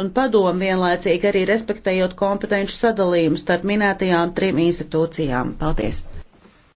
un padomu vienlaicīgi arī respektējot kompetenci sadalījumu starp minētajām trim institūcijām. Paldies!